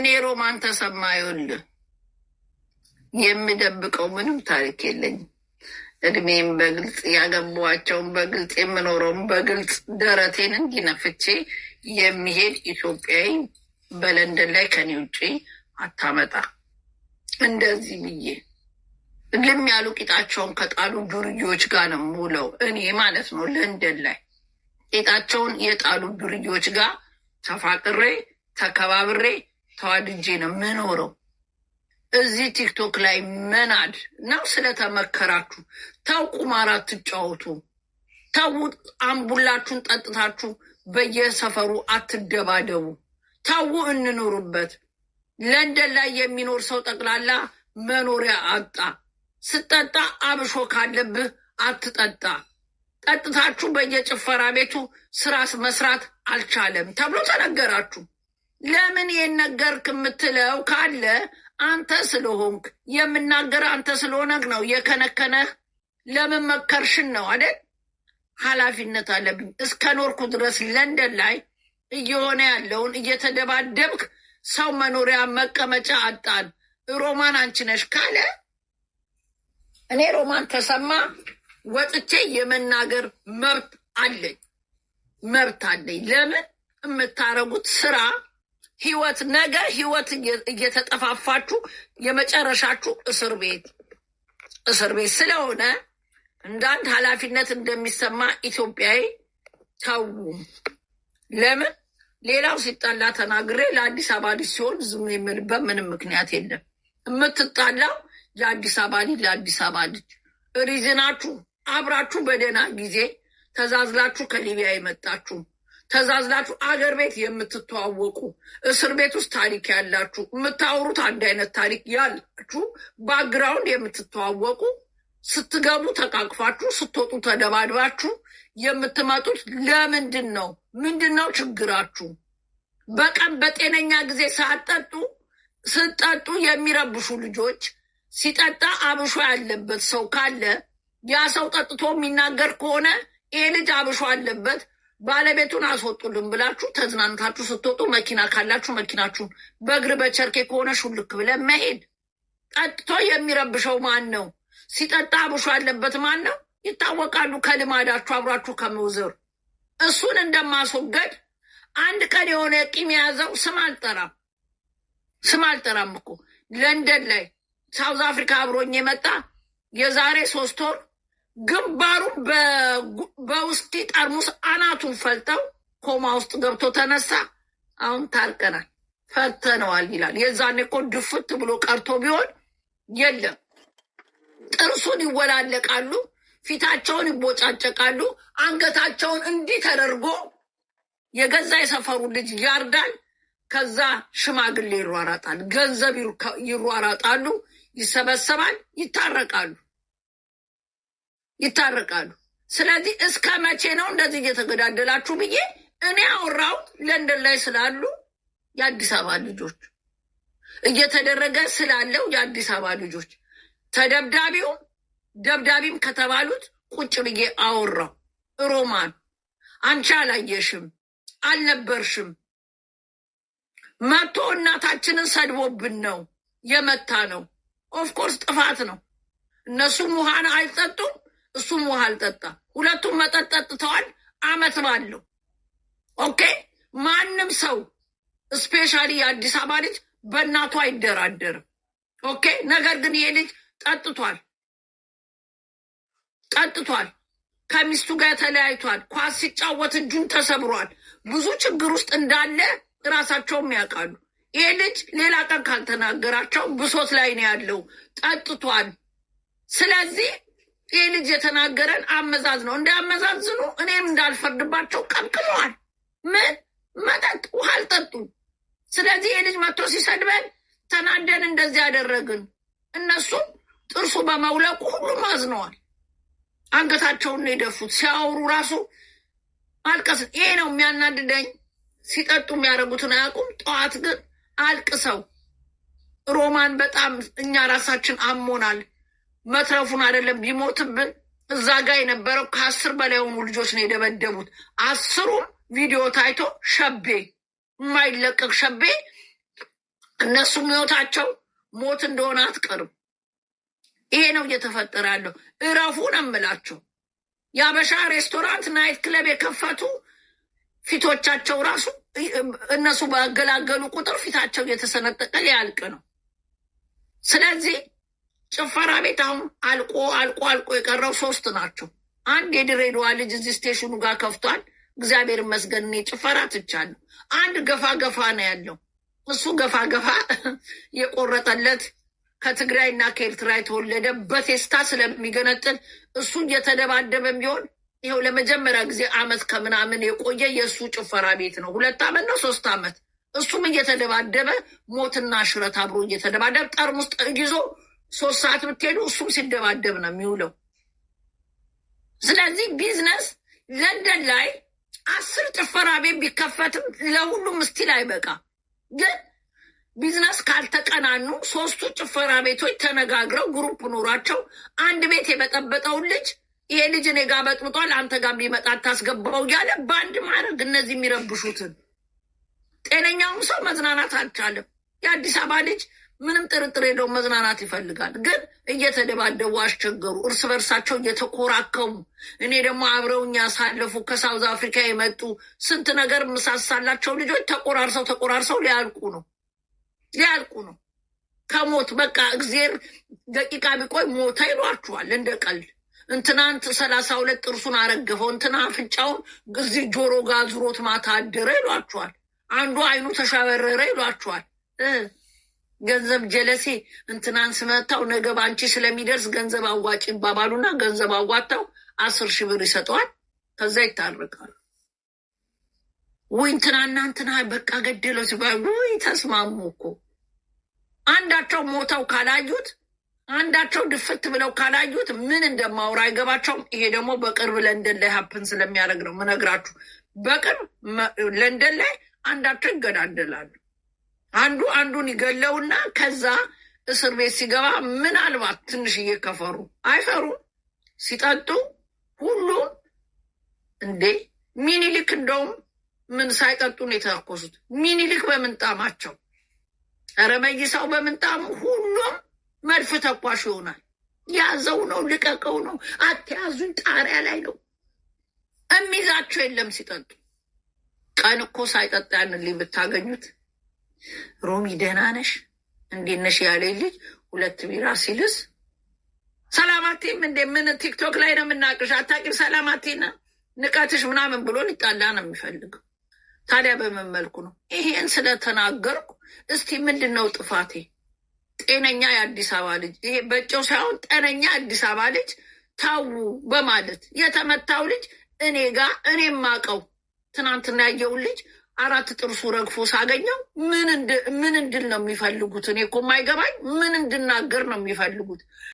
እኔ ሮማን ተሰማ ይኸውልህ የምደብቀው ምንም ታሪክ የለኝም። እድሜም በግልጽ ያገቧቸውን በግልጽ የምኖረውን በግልጽ ደረቴን እንዲነፍቼ የሚሄድ ኢትዮጵያዊ በለንደን ላይ ከኔ ውጭ አታመጣ። እንደዚህ ብዬ ልም ያሉ ቂጣቸውን ከጣሉ ዱርዬዎች ጋር ነው የምውለው እኔ ማለት ነው። ለንደን ላይ ቂጣቸውን የጣሉ ዱርዬዎች ጋር ተፋቅሬ ተከባብሬ ተዋድጄ ነው የምኖረው። እዚህ ቲክቶክ ላይ መናድ ነው ስለተመከራችሁ፣ ታው ቁማር አትጫወቱ፣ ታው አምቡላችሁን ጠጥታችሁ በየሰፈሩ አትደባደቡ፣ ታው እንኖሩበት። ለንደን ላይ የሚኖር ሰው ጠቅላላ መኖሪያ አጣ። ስጠጣ አብሾ ካለብህ አትጠጣ። ጠጥታችሁ በየጭፈራ ቤቱ ስራ መስራት አልቻለም ተብሎ ተነገራችሁ። ለምን የነገርክ የምትለው ካለ አንተ ስለሆንክ የምናገር አንተ ስለሆነክ ነው። የከነከነህ ለምን መከርሽን ነው አይደል? ኃላፊነት አለብኝ እስከ ኖርኩ ድረስ ለንደን ላይ እየሆነ ያለውን እየተደባደብክ ሰው መኖሪያ መቀመጫ አጣን። ሮማን አንቺ ነሽ ካለ እኔ ሮማን ተሰማ ወጥቼ የመናገር መብት አለኝ መብት አለኝ። ለምን የምታረጉት ስራ ህይወት ነገ ህይወት እየተጠፋፋችሁ የመጨረሻችሁ እስር ቤት እስር ቤት ስለሆነ እንዳንድ ኃላፊነት እንደሚሰማ ኢትዮጵያዊ ተዉ። ለምን ሌላው ሲጣላ ተናግሬ ለአዲስ አበባ ልጅ ሲሆን ዝም የምልበት ምንም ምክንያት የለም። የምትጣላው የአዲስ አበባ ልጅ ለአዲስ አበባ ልጅ ሪዝናችሁ አብራችሁ በደህና ጊዜ ተዛዝላችሁ ከሊቢያ የመጣችሁ ተዛዝላችሁ አገር ቤት የምትተዋወቁ እስር ቤት ውስጥ ታሪክ ያላችሁ የምታወሩት አንድ አይነት ታሪክ ያላችሁ ባክግራውንድ የምትተዋወቁ ስትገቡ ተቃቅፋችሁ ስትወጡ ተደባድባችሁ የምትመጡት ለምንድን ነው? ምንድን ነው ችግራችሁ? በቀን በጤነኛ ጊዜ ሳጠጡ ስጠጡ የሚረብሹ ልጆች ሲጠጣ አብሾ ያለበት ሰው ካለ ያ ሰው ጠጥቶ የሚናገር ከሆነ ይህ ልጅ አብሾ አለበት ባለቤቱን አስወጡልን ብላችሁ ተዝናንታችሁ ስትወጡ መኪና ካላችሁ መኪናችሁን በእግር በቸርኬ ከሆነ ሹልክ ብለን መሄድ። ጠጥቶ የሚረብሸው ማን ነው? ሲጠጣ ብሾ ያለበት ማን ነው? ይታወቃሉ ከልማዳችሁ አብራችሁ ከመውዘር እሱን እንደማስወገድ አንድ ቀን የሆነ ቂም የያዘው ስም አልጠራም ስም አልጠራም እኮ ለንደን ላይ ሳውዝ አፍሪካ አብሮኝ የመጣ የዛሬ ሶስት ወር ግንባሩን በውስኪ ጠርሙስ አናቱን ፈልጠው ኮማ ውስጥ ገብቶ ተነሳ። አሁን ታርቀናል፣ ፈተነዋል ይላል። የዛኔ እኮ ድፍት ብሎ ቀርቶ ቢሆን የለም። ጥርሱን ይወላለቃሉ፣ ፊታቸውን ይቦጫጨቃሉ፣ አንገታቸውን እንዲህ ተደርጎ የገዛ የሰፈሩ ልጅ ያርዳል። ከዛ ሽማግሌ ይሯራጣል፣ ገንዘብ ይሯራጣሉ፣ ይሰበሰባል፣ ይታረቃሉ። ይታረቃሉ። ስለዚህ እስከ መቼ ነው እንደዚህ እየተገዳደላችሁ ብዬ እኔ አወራው ለንደን ላይ ስላሉ የአዲስ አበባ ልጆች እየተደረገ ስላለው የአዲስ አበባ ልጆች ተደብዳቢው ደብዳቢም ከተባሉት ቁጭ ብዬ አወራው ሮማን አንቺ አላየሽም አልነበርሽም። መቶ እናታችንን ሰድቦብን ነው የመታ ነው። ኦፍኮርስ ጥፋት ነው። እነሱም ውሃን አይጠጡም እሱም ውሃ አልጠጣ። ሁለቱም መጠጥ ጠጥተዋል። አመት ባለው ኦኬ። ማንም ሰው ስፔሻሊ የአዲስ አበባ ልጅ በእናቱ አይደራደርም። ኦኬ። ነገር ግን ይሄ ልጅ ጠጥቷል ጠጥቷል። ከሚስቱ ጋር ተለያይቷል። ኳስ ሲጫወት እጁን ተሰብሯል። ብዙ ችግር ውስጥ እንዳለ እራሳቸውም ያውቃሉ። ይሄ ልጅ ሌላ ቀን ካልተናገራቸው ብሶት ላይ ነው ያለው። ጠጥቷል። ስለዚህ ይህ ልጅ የተናገረን አመዛዝ ነው። እንዳያመዛዝኑ እኔም እንዳልፈርድባቸው ቀምቅመዋል። ምን መጠጥ ውሃ አልጠጡም። ስለዚህ ይህ ልጅ መጥቶ ሲሰድበን ተናደን እንደዚህ ያደረግን እነሱም ጥርሱ በመውለቁ ሁሉም አዝነዋል። አንገታቸውን የደፉት ሲያወሩ ራሱ አልቀስ። ይሄ ነው የሚያናድደኝ። ሲጠጡ የሚያደርጉትን አያውቁም። ጠዋት ግን አልቅሰው ሮማን በጣም እኛ ራሳችን አሞናል መትረፉን አይደለም ቢሞትብን እዛ ጋ የነበረው ከአስር በላይ የሆኑ ልጆች ነው የደበደቡት። አስሩም ቪዲዮ ታይቶ ሸቤ የማይለቀቅ ሸቤ እነሱም ህይወታቸው ሞት እንደሆነ አትቀርም። ይሄ ነው እየተፈጠረ ያለው። እረፉ ነው የምላችሁ። የአበሻ ሬስቶራንት ናይት ክለብ የከፈቱ ፊቶቻቸው ራሱ እነሱ ባገላገሉ ቁጥር ፊታቸው እየተሰነጠቀ ሊያልቅ ነው። ስለዚህ ጭፈራ ቤት አሁን አልቆ አልቆ አልቆ የቀረው ሶስት ናቸው። አንድ የድሬዳዋ ልጅ እዚህ ስቴሽኑ ጋር ከፍቷል። እግዚአብሔር ይመስገን እኔ ጭፈራ ትቻለሁ። አንድ ገፋ ገፋ ነው ያለው። እሱ ገፋ ገፋ የቆረጠለት ከትግራይና ከኤርትራ የተወለደ በቴስታ ስለሚገነጥል እሱ እየተደባደበ ቢሆን ይኸው ለመጀመሪያ ጊዜ አመት ከምናምን የቆየ የእሱ ጭፈራ ቤት ነው። ሁለት አመት ነው ሶስት አመት እሱም እየተደባደበ ሞትና ሽረት አብሮ እየተደባደበ ጠርሙስ ይዞ ሶስት ሰዓት ብትሄዱ እሱም ሲደባደብ ነው የሚውለው። ስለዚህ ቢዝነስ ለንደን ላይ አስር ጭፈራ ቤት ቢከፈትም ለሁሉም ስቲል አይበቃ። ግን ቢዝነስ ካልተቀናኑ ሶስቱ ጭፈራ ቤቶች ተነጋግረው ግሩፕ ኑሯቸው አንድ ቤት የበጠበጠውን ልጅ ይሄ ልጅ እኔ ጋ በጥብጧል፣ አንተ ጋር ቢመጣ ታስገባው እያለ በአንድ ማድረግ እነዚህ የሚረብሹትን ጤነኛውም ሰው መዝናናት አልቻለም። የአዲስ አበባ ልጅ ምንም ጥርጥር ሄደው መዝናናት ይፈልጋል። ግን እየተደባደቡ አስቸገሩ፣ እርስ በርሳቸው እየተኮራከሙ። እኔ ደግሞ አብረውኝ ያሳለፉ ከሳውዝ አፍሪካ የመጡ ስንት ነገር ምሳሳላቸው ልጆች ተቆራርሰው ተቆራርሰው ሊያልቁ ነው ሊያልቁ ነው። ከሞት በቃ እግዜር ደቂቃ ቢቆይ ሞታ ይሏችኋል እንደ ቀልድ። እንትናንት ሰላሳ ሁለት ጥርሱን አረገፈው፣ እንትና አፍንጫውን እዚህ ጆሮ ጋዝሮት ማታ አደረ ይሏችኋል። አንዱ አይኑ ተሸበረረ ይሏችኋል። ገንዘብ ጀለሴ እንትናን ስመታው ነገ በአንቺ ስለሚደርስ ገንዘብ አዋጭ ይባባሉና ገንዘብ አዋጥተው አስር ሺህ ብር ይሰጠዋል። ከዛ ይታረቃሉ። ወይ እንትናና እንትና በቃ ገደለው ሲባሉ ተስማሙ እኮ አንዳቸው ሞተው ካላዩት አንዳቸው ድፍት ብለው ካላዩት ምን እንደማውራ አይገባቸውም። ይሄ ደግሞ በቅርብ ለንደን ላይ ሀፕን ስለሚያደርግ ነው ምነግራችሁ። በቅርብ ለንደን ላይ አንዳቸው ይገዳደላሉ። አንዱ አንዱን ይገለውና ከዛ እስር ቤት ሲገባ ምናልባት ትንሽዬ ከፈሩ አይፈሩም። ሲጠጡ ሁሉም እንዴ ሚኒሊክ እንደውም ምን ሳይጠጡ ነው የተተኮሱት። ሚኒሊክ በምንጣማቸው ረመይ ሰው በምንጣሙ ሁሉም መድፍ ተኳሽ ይሆናል። ያዘው ነው ልቀቀው ነው አትያዙኝ፣ ጣሪያ ላይ ነው እሚዛቸው የለም ሲጠጡ። ቀን እኮ ሳይጠጣ ያንን ብታገኙት ሮሚ ደህና ነሽ እንዴት ነሽ ያለኝ ልጅ ሁለት ቢራ ሲልስ ሰላማቴም እንደ ምን ቲክቶክ ላይ ነው የምናቅሽ አታቂም ሰላማቴና ንቀትሽ ምናምን ብሎ ሊጣላ ነው የሚፈልገው ታዲያ በምን መልኩ ነው ይሄን ስለተናገርኩ እስቲ ምንድን ነው ጥፋቴ ጤነኛ የአዲስ አበባ ልጅ ይሄ በጨው ሳይሆን ጤነኛ አዲስ አበባ ልጅ ታው በማለት የተመታው ልጅ እኔ ጋር እኔ ማቀው ትናንትና ያየውን ልጅ አራት ጥርሱ ረግፎ ሳገኘው ምን እንድል ነው የሚፈልጉት? እኔ እኮ የማይገባኝ ምን እንድናገር ነው የሚፈልጉት?